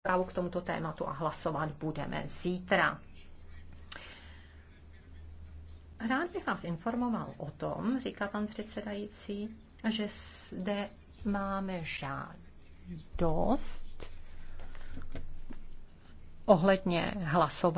zprávu k tomuto tématu a hlasovat budeme zítra. Rád bych vás informoval o tom, říká pan předsedající, že zde máme žádost ohledně hlasování.